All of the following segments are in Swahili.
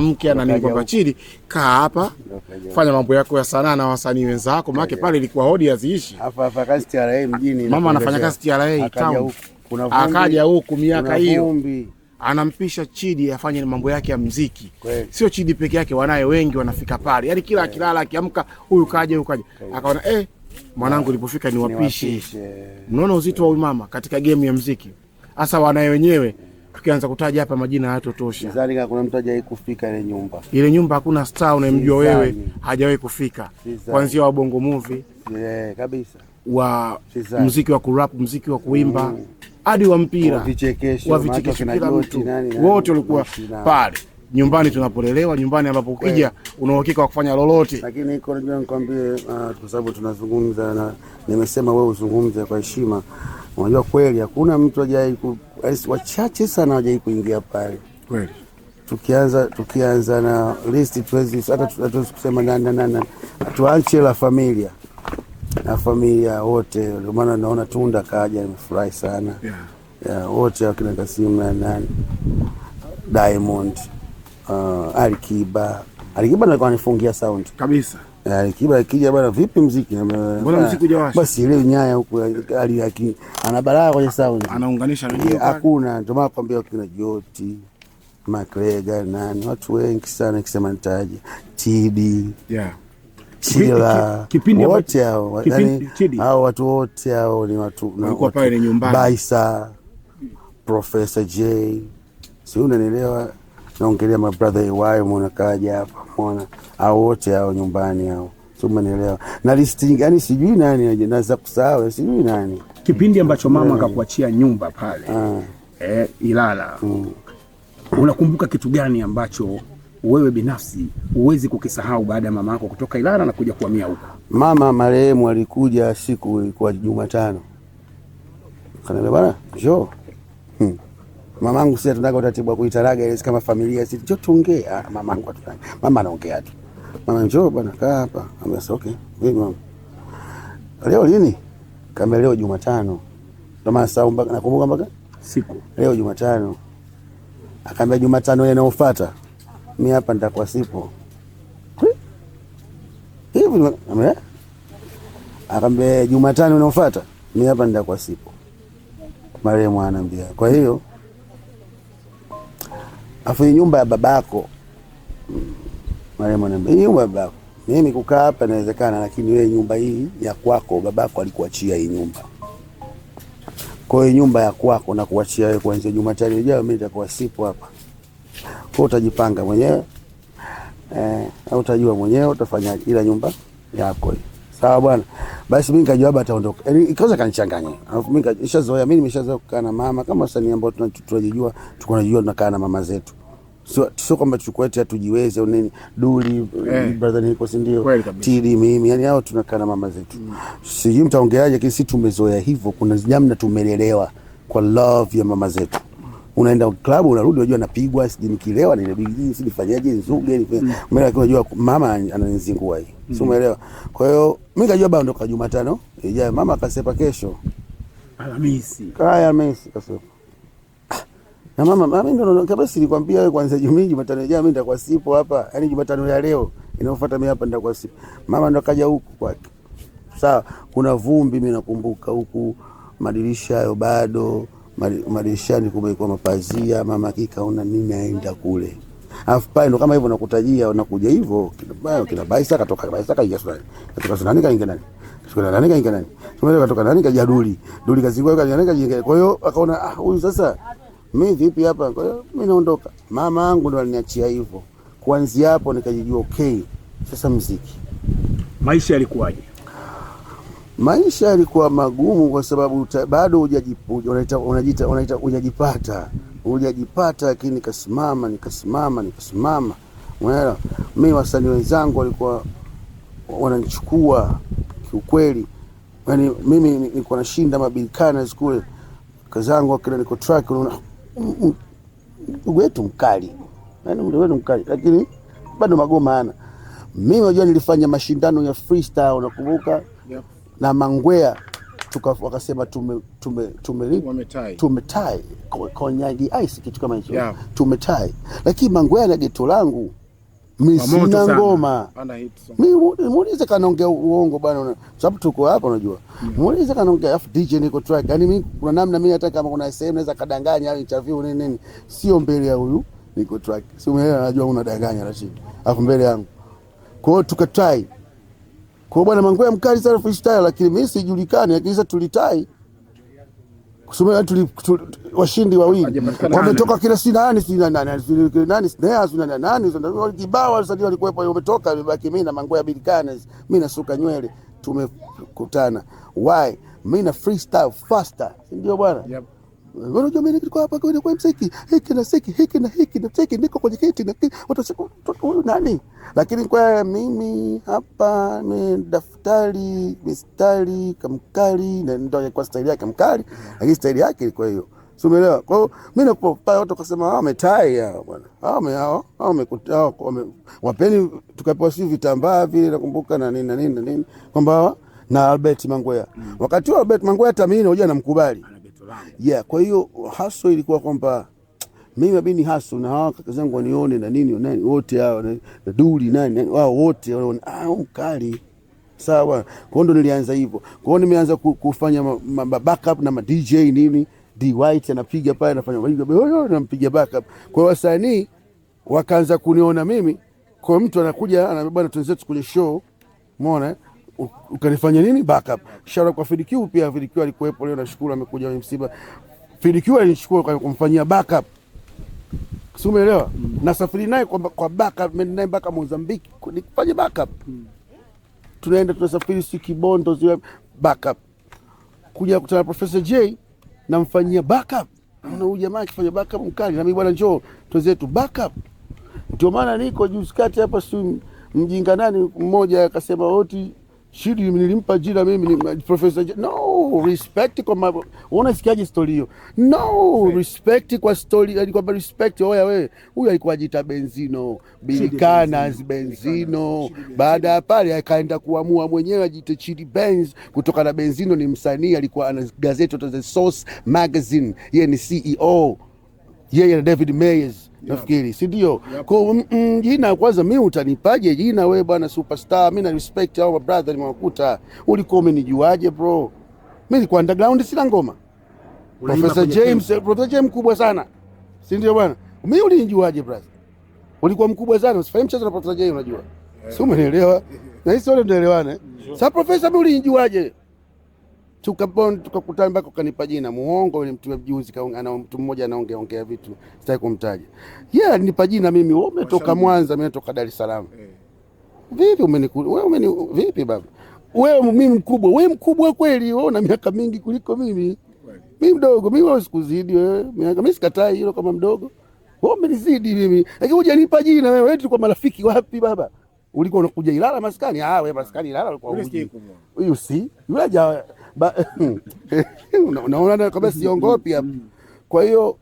mke ananipa kwa chini, kaa hapa, fanya mambo yako ya sanaa na wasanii wenzako, maana pale ilikuwa hodi haziishi. Hapa hapa kazi TRA mjini, mama anafanya kazi TRA town, akaja huku miaka hiyo anampisha Chidi afanye mambo yake ya mziki. Sio Chidi peke yake, wanaye wengi wanafika pale, yaani kila akilala akiamka, huyu kaja, huyu kaja, akaona eh, mwanangu nilipofika niwapishe. Mnaona uzito wa huyu mama katika game ya mziki, hasa wanaye wenyewe tukianza kutaja hapa majina hayatotosha. Sidhani kuna mtu hajawahi kufika ile nyumba. Ile nyumba hakuna star unayemjua wewe hajawahi kufika, kuanzia wa bongo movie yeah, kabisa wa Sizani. mziki wa kurap, muziki wa kuimba mm. hadi mm. wa mpira wa vichekesho, kila mtu wote walikuwa pale nyumbani tunapolelewa, nyumbani ambapo eh. ukija una uhakika wa kufanya lolote. Lakini iko najua nikwambie, uh, kwa sababu tunazungumza na nimesema wewe uzungumze kwa heshima. Unajua kweli hakuna mtu ajaye marais wachache sana wajai kuingia pale kweli. Tukianza tukianza na listi tuwezi hata tuwezi kusema nani nani, tuanche la familia na familia wote. Ndio maana naona Tunda kaja, nimefurahi sana yeah. Yeah, wote wakina Kasimu na nani Diamond, uh, Alikiba Alikiba ndio anifungia sound kabisa Alikiba eh, akija bwana, vipi mziki? Mbona mziki hujawasha? Basi leo nyaya huko ali yake ana balaa kwenye sound. Anaunganisha na hiyo. Eh, hakuna, ndio maana kwambia kuna Joti, Makrega nani, watu wengi sana kisema nitaje. TB. Yeah. Sila, kipindi wote hao, yani hao watu wote hao ni watu walikuwa pale nyumbani. Baisa, Professor J. Si unanielewa? naongelea mabradha iwayo kaja hapa mona au wote hao nyumbani hao umenielewa na listi yani, sijui nani naweza kusahau, sijui nani. Kipindi ambacho mama akakuachia nyumba pale e, Ilala mm. unakumbuka kitu gani ambacho wewe binafsi huwezi kukisahau baada ya mama yako kutoka Ilala na kuja kuhamia huko? Mama marehemu alikuja siku ilikuwa Jumatano, kanambia bana njoo hmm mamangu sisi tunataka utaratibu wa kuitaraga ile kama familia, sisi njoo tuongea. Ah, mamangu atunani, mama anaongea tu, mama njoo bwana, kaa hapa. Ambe Amesema okay, vipi mama, leo lini? Kama leo Jumatano, ndio maana sasa mpaka nakumbuka mpaka siku leo Jumatano. Akaambia Jumatano ile inayofuata mimi hapa nitakuwa sipo hivi. mama. Eh? Akaambia Jumatano inayofuata mimi hapa nitakuwa sipo, Mariamu anaambia. Kwa hiyo Afu nyumba ya babako Marehemu ananiambia, nyumba ya babako mimi kukaa hapa inawezekana, lakini wewe nyumba hii ya kwako babako alikuachia hii nyumba. Kwa hiyo nyumba ya kwako na kuachia wewe, kuanzia Jumatano ijayo mimi nitakuwa sipo hapa. Kwa hiyo utajipanga mwenyewe eh, au utajua mwenyewe utafanya, ila nyumba yako hii Sawa bwana. Basi mimi nikajua baba ataondoka. yani ikaanza kanichanganya. Alafu mimi nimeshazoea, mimi nimeshazoea kukaa na mama kama wasanii ambao tunajijua, tuko najua tunakaa na mama zetu. Sio sio kwamba tuchukue eti hatujiweze au nini. Duli, eh, brother niko si ndio? tidi mimi, yani hao tunakaa na mama zetu. Mm. Sijui mtaongeaje, lakini sisi tumezoea hivyo, kuna jamna tumelelewa kwa love ya mama zetu unaenda klabu unarudi, unajua napigwa, sijui nikilewa ninabidi sijui nifanyaje, nzuge nifanye mm. mimi, mama ananizingua hii, si mm. umeelewa? Kwa hiyo mimi kajua bado kwa Jumatano ijayo mama akasepa kesho Alhamisi, kaya Alhamisi kasepa ah, na mama mama, kabla silikwambia wewe, kwanza Jumatano, Jumatano ijayo mimi nitakuwa sipo hapa, yani Jumatano ya leo inayofuata mimi hapa nitakuwa sipo. Mama ndo kaja huku kwake, sawa. Kuna vumbi, mimi nakumbuka huku, madirisha hayo bado marishani kumekuwa mapazia mama kika una nini aenda kule alafu pale ndo kama hivyo nakutajia unakuja hivyo kina Baisa katoka Baisa kaingia Sunani katoka Sunani kaingia nani katoka nani kaingia nani katoka nani kaja Duli Duli kazingua kaja nani kaja kwa hiyo akaona ah, huyu sasa mimi vipi hapa? Kwa hiyo mimi naondoka, mama yangu ndo aliniachia hivyo. Kuanzia hapo nikajijua okay, sasa mziki maisha yalikuwaje? maisha yalikuwa magumu kwa sababu bado hujajipata hujajipata, lakini nikasimama nikasimama nikasimama. Unaelewa, mi wasanii wenzangu walikuwa wananichukua kiukweli, yani mimi nilikuwa nashinda mabilikana kule, kazangu akila niko track, unaona ndugu yetu mkali, yani ndugu yetu mkali, lakini bado magoma ana mimi. Unajua, nilifanya mashindano ya freestyle, unakumbuka? yep na Mangwea tuka, wakasema tume tume tume tumetai konyagi ice kitu kama hicho yeah. Tumetai, lakini Mangwea na geto langu mimi sina ngoma. Mimi muulize kanaongea uongo bwana, sababu tuko hapa unajua, yeah. Muulize kanaongea afu DJ niko try. yani mimi kuna namna mimi hata kama kuna sehemu naweza kadanganya au interview nini nini, sio mbele ya huyu niko try. si umeelewa? Najua unadanganya Rashid, Afu mbele yangu, kwa hiyo tukatai kwa bwana Mangwea mkali sana freestyle, lakini mimi sijulikani, lakini sasa tulitai kusema tuli, washindi wawili wametoka kila si nani si nani si nani nani si nani nani kibao walisajili walikuwepo, umetoka imebaki mimi na Mangwea Bilikana, mimi nasuka nywele, tumekutana why mimi na freestyle faster, ndio bwana yep. Unajua mimi niko hapa kwa kwa msiki hiki na siki hiki na hiki na siki, niko kwenye kiti na watasiku huyu nani, lakini kwa mimi hapa ni daftari mistari kamkali, na ndio kwa staili yake mkali, lakini staili yake ilikuwa hiyo, sio umeelewa? Kwa hiyo mimi napo pale watu wakasema hao ah, wametai hao bwana, ah, hao hao hao wamekuta wapeni, tukapewa si vitambaa vile, nakumbuka na nini na nini na nini kwamba ah, na Albert Mangwea, mm. wakati huo Albert Mangwea hata mimi najua namkubali yeah. Kwa hiyo haso ilikuwa kwamba mimi mabini haso na hawa kaka zangu wanione na nini nani wote hao na duli nani wao wote wanaona ah, mkali sawa. Kwa hiyo ndo nilianza hivyo, kwa hiyo nimeanza kufanya ma, ma, backup na ma DJ nini D White anapiga pale anafanya anampiga backup. Kwa hiyo wasanii wakaanza kuniona mimi, kwa mtu anakuja anabeba bwana, kwenye show, umeona ukanifanya nini backup. Shara kwa FDQ pia, FDQ alikuwepo leo, nashukuru amekuja kwenye msiba. FDQ alinichukua kwa kumfanyia backup, si umeelewa? mm. na safari naye kwa, kwa backup mimi naye mpaka Mozambiki nikufanye backup mm. tunaenda tunasafiri, si Kibondo si backup, kuja kutana na Professor J namfanyia backup na huyu jamaa akifanya backup mkali, na mimi bwana, njoo tuzetu backup. Ndio maana niko juzi kati hapa, si mjinga nani mmoja akasema oti Shidi nilimpa jina mimi ni professor. No, respect kwa ma... Unasikiaje story hiyo? No, respect kwa story, yani kwamba respect oya wewe. Huyu alikuwa jita Benzino, bilikana Benzino. Baada ya pale akaenda kuamua mwenyewe ajite Chidi Benz kutoka na Benzino ni msanii alikuwa ana gazeti The Source Magazine. Yeye ni CEO. Yeye na David Mayes nafikiri si ndio? Kwa mm, mm, jina kwanza, mimi utanipaje jina wewe bwana superstar? Mimi na respect hao brother, nimewakuta. Ulikuwa umenijuaje bro? Mi nilikuwa underground, sina ngoma. Profesa James, Profesa James mkubwa sana, si ndio bwana? Mimi ulinijuaje brother? Ulikuwa mkubwa sana, usifahamu mchezo na Profesa James, unajua si umenielewa? Nahisi wale mnaelewana. Sasa Profesa, mimi ulinijuaje? tukabond tukakutana mpaka kanipa jina muongo, ni mtu mjuzi kaonga na mtu mmoja anaongea ongea vitu sitaki kumtaja yeye, yeah, alinipa jina mimi, wewe umetoka Mwanza, mimi natoka Dar es Salaam eh. Vipi umeni wewe umeni vipi baba wewe, mimi mkubwa wewe, mkubwa kweli wewe, una miaka mingi kuliko mimi, mimi mdogo mimi, wewe sikuzidi wewe miaka, mimi sikatai hilo kama mdogo wewe, umenizidi mimi, lakini hujanipa jina wewe. Wewe tulikuwa marafiki wapi baba? Ulikuwa unakuja Ilala maskani? Ah, wewe maskani Ilala ulikuwa huji huyu, si yule haja unaona kabisa siongopi hapa. Mm. Kwa hiyo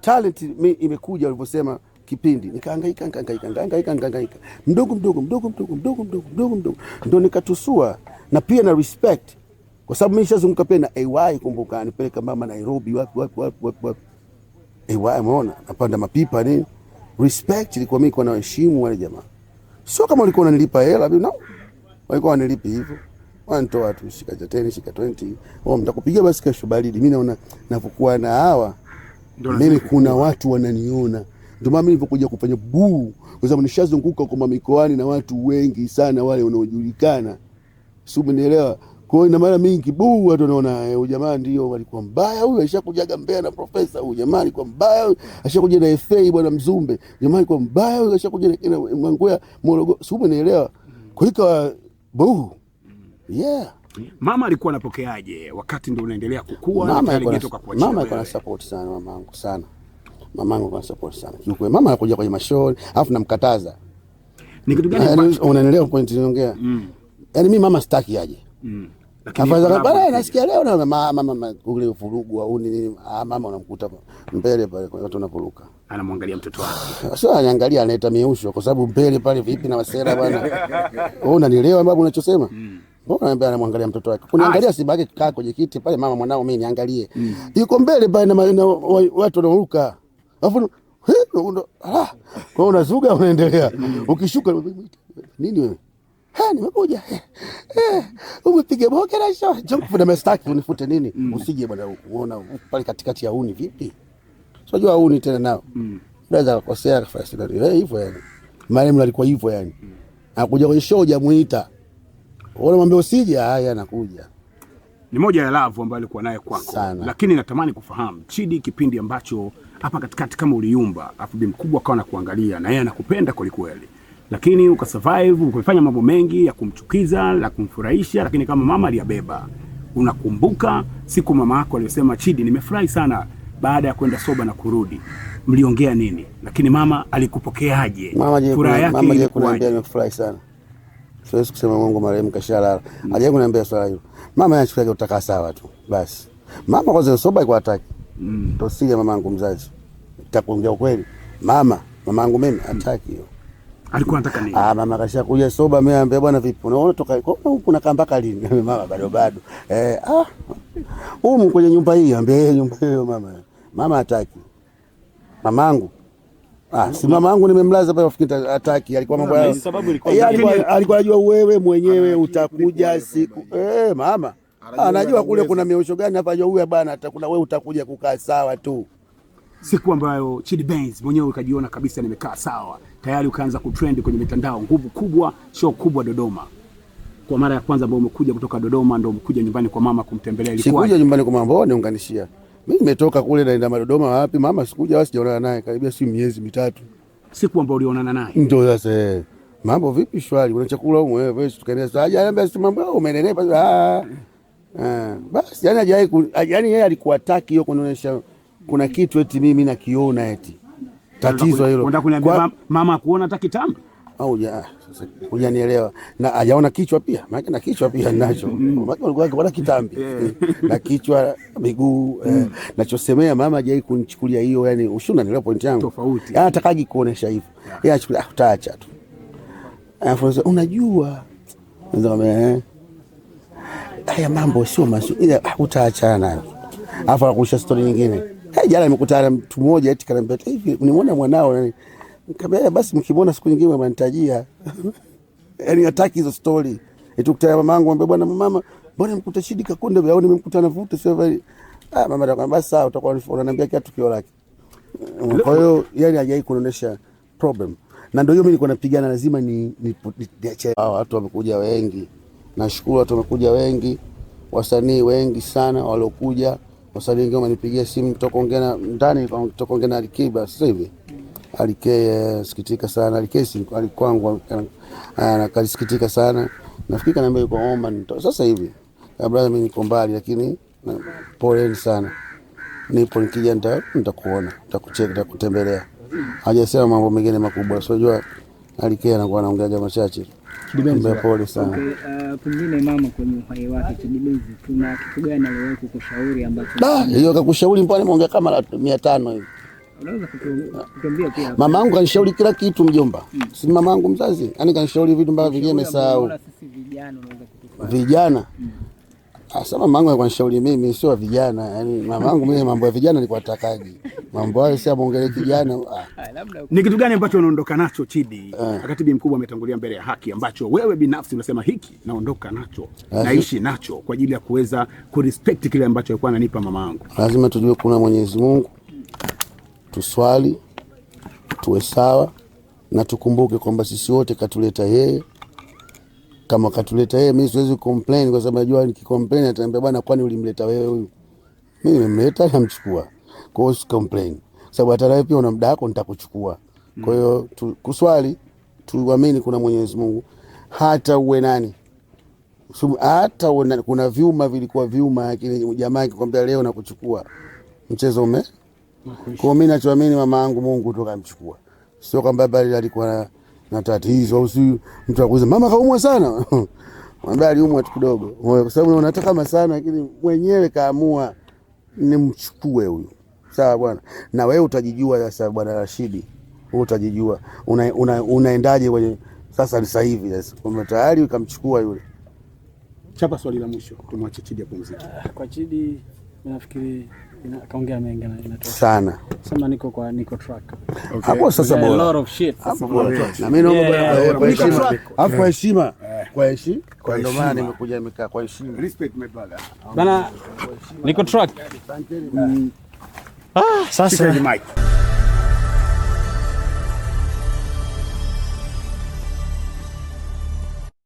talent mimi imekuja walivyosema kipindi nikaangaika nikaangaika nikaangaika nikaangaika mdogo mdogo mdogo mdogo mdogo mdogo mdogo mdogo ndo nikatusua, na pia na respect, kwa sababu mimi nishazunguka pia na AY. Kumbuka nipeleka mama Nairobi, wapi wapi wapi wapi wapi, AY umeona, napanda mapipa nini, respect ilikuwa mimi kwa na heshima wale jamaa, sio kama walikuwa wananilipa hela, no, walikuwa wananilipa hivyo wanatoa tu, shika cha 10 shika 20, wao mtakupiga basi kesho baridi. Mimi naona ninapokuwa na hawa mimi, kuna watu wananiona, ndio maana nilipokuja kufanya buu, kwa sababu nishazunguka kwa mikoani na watu wengi sana wale wanaojulikana, sio mnielewa. Kwa hiyo ina maana mimi kibuu, watu wanaona eh, huyu jamaa ndio alikuwa mbaya, huyu alishakujaga Mbeya na profesa, huyu jamaa alikuwa mbaya, alishakuja na FA bwana Mzumbe, jamaa alikuwa mbaya, huyu alishakuja na Mwangoya Morogoro, sio mnielewa. Kwa hiyo buu yeah. Mama alikuwa anapokeaje wakati ndio unaendelea kukua? Mama alikuwa na support sana mamangu sana, mamangu alikuwa na support sana kiukweli. Mama alikuja kwenye mashauri alafu namkataza ni kitu gani? Yaani, unaendelea point niongea, mm. yaani mimi mama sitaki aje mm. Afadhali nasikia leo na mama mama ule ufurugu au nini, ah, mama unamkuta mbele pale kwa watu wanaporuka, anamwangalia mtoto wake. Sasa anaangalia analeta miusho, kwa sababu mbele pale vipi na wasera bwana. Wewe unanielewa mbona unachosema? Mm. Mbona anambia anamwangalia mtoto wake? Kuniangalia ah, kaa kwenye kiti pale, mama mwanao mimi niangalie. Mm. Yuko mbele pale na watu wanaruka. Alafu ah, kwa unazuga unaendelea. Mm. Ukishuka nini wewe? Ha, nimekuja. Eh, eh, umepiga boke na unifute nini? Mm. Usije bwana uona pale katikati ya uni vipi? uni tena nao. Mm. kukosea kafasi ndio. Eh, hivyo yani. Marehemu alikuwa hivyo yani. Mm. Anakuja kwenye show Unamwambia usija, haya anakuja. Ni moja ya love ambayo alikuwa naye kwako sana. Lakini natamani kufahamu Chidi, kipindi ambacho hapa katikati kama uliumba afu bi mkubwa akawa anakuangalia na yeye anakupenda kweli kweli, lakini ukasurvive, ukafanya mambo mengi ya kumchukiza na kumfurahisha, lakini kama mama aliyabeba. Unakumbuka siku mama yako aliyosema, Chidi, nimefurahi sana baada ya kwenda soba na kurudi, mliongea nini? Lakini mama alikupokeaje? Furaha yake mama alikuambia, nimefurahi sana siwezi kusema Mungu marehemu kashalala. Mm. kuniambia swala hilo. Mama yanachukua utakaa sawa tu. Basi. Mama kwanza soba kwa hataki. Mm. Tosija mamangu mzazi. Nitakuongea ukweli. Mama, mamangu mimi mm. hataki hiyo. Alikuwa anataka nini? Ah, mama kashakuja soba, mimi anambia bwana vipi? Unaona toka huko mpaka lini? Mama bado bado. Eh, ah. mko kwenye nyumba hii, anambia eh, nyumba hiyo mama. Mama hataki. Mamangu Ah, si mama yangu nimemlaza pale rafiki ataki alikuwa ah, mambo yao. Eh, alikuwa anajua wewe mwenyewe utakuja siku. Eh, mama. Anajua ah, kule kuna miosho gani hapa ajua huyu bwana atakuna wewe utakuja kukaa sawa tu. Siku ambayo Chidi Benz mwenyewe ukajiona kabisa nimekaa sawa. Tayari ukaanza kutrend kwenye mitandao nguvu kubwa, show kubwa Dodoma. Kwa mara ya kwanza ambayo umekuja kutoka Dodoma ndio umekuja nyumbani kwa mama kumtembelea ilikuwa. Sikuja nyumbani kwa mama, niunganishia. Mimi nimetoka kule naenda Madodoma wapi? Mama sikuja wasi sijaonana naye karibia si miezi mitatu. Siku ambayo ulionana naye. Ndio sasa. Eh. Mambo vipi shwari? Una chakula huko wewe? Tukaenda saa Haja anambia si mambo umeenenepa. Ah. Ah, eh, basi yani hajai yani yeye alikuwa taki hiyo kunionyesha kuna kitu eti mimi nakiona eti. Yaani Tatizo hilo. Unataka kuniambia mama kuona hata kitambo au hujanielewa na hajaona kichwa pia, maana na kichwa pia ninacho, maana mm. alikuwa akipata kitambi na kichwa, miguu. Eh, mm. Nachosemea mama hajai kunichukulia hiyo, yani ushuna ndio point yangu tofauti, ya, atakaji kuonesha hivyo, yeye achukulia ah, utaacha tu, afu unajua ndio eh, haya mambo sio mazuri, ah, utaachana nayo, afu anakulisha stori nyingine. Eh, jana nimekutana mtu mmoja eti kanambia hivi, nimeona mwanao nani Nikamwambia eh, basi mkimwona siku nyingine mwanitajia. Yaani hataki hizo story. Nitukutana yangu ambaye bwana mama, mbona mkuta Shidi Kakunde au nimemkuta navuta sio hivi. Ah, mama atakwambia basi sawa, utakuwa unaniambia kila tukio lake. Mm, kwa hiyo yani hajai kuonesha problem. Na ndio hiyo mimi nilikuwa napigana, lazima ni niache. Hao watu wamekuja wengi. Nashukuru watu wamekuja wengi, wasanii wengi sana waliokuja. Wasanii wengi wamenipigia simu toka ongea ndani, toka ongea na Alikiba sasa hivi alikee eh, sikitika sana, alikee alikwangu, alisikitika sana. Nafikiri kanaambia yuko Oman sasa hivi. Brother, mimi niko mbali, lakini poleni sana, nipo nikija nitakuona, nitakucheka, nitakutembelea. Hajasema mambo mengine makubwa, jua alikee anakuwa anaongeaga machache. Pole sana. Uh, pengine mama kwenye uhai wake Kibenzi, tuna kitu gani aliwahi kukushauri ambacho Ah, hiyo kakushauri? Mbona nimeongea kama mia tano hivi Mama yangu kanishauri kila kitu mjomba, hmm. Si mama yangu mzazi, yaani kanishauri vitu mbavyo vingine nimesahau. Vijana mm. asa mama yangu kanishauri mimi, sio vijana. Yaani mama yangu mimi mambo ya vijana nilikuwa natakaji mambo hayo, si amongele kijana. Ah, ni kitu gani ambacho unaondoka nacho Chidi, ah. akatibi mkubwa ametangulia mbele ya haki, ambacho wewe binafsi unasema hiki naondoka nacho naishi nacho kwa ajili ya kuweza kurespect kile ambacho alikuwa ananipa mama yangu. Lazima tujue kuna Mwenyezi Mungu tuswali, tuwe sawa na tukumbuke kwamba sisi wote katuleta yeye. Kama katuleta yeye, mimi siwezi complain, kwa sababu najua nikicomplain ataniambia bwana, kwani ulimleta wewe huyu? Mimi nimemleta, namchukua. Kwa hiyo usicomplain, sababu hata wewe pia una muda wako, nitakuchukua. Kwa hiyo kuswali, tuamini kuna Mwenyezi Mungu, hata uwe nani hata kuna vyuma vilikuwa vyuma, lakini jamaa akikwambia leo nakuchukua, mchezo ume kwa mimi nachoamini mama yangu Mungu tu kamchukua. Sio kwamba bali alikuwa na tatizo au si mtu akuza mama kaumwa sana. mwambia aliumwa tu kidogo. Kwa sababu unataka kama sana lakini mwenyewe kaamua nimchukue huyu. Sawa bwana. Na wewe utajijua sasa bwana Rashidi. Wewe utajijua una, una, unaendaje kwenye sasa ni sasa hivi sasa. Kwamba tayari ukamchukua yule. Chapa swali la mwisho tumwache Chidi apumzike. Ah, kwa Chidi nafikiri kaongea mengi sana sema, niko kwa niko track hapo sasa, bora a lot of shit na mimi naomba kwa heshima, kwa heshima, kwa ndio maana nimekuja nimekaa kwa heshima, respect my brother bana, niko track. Mm. Ah, sasa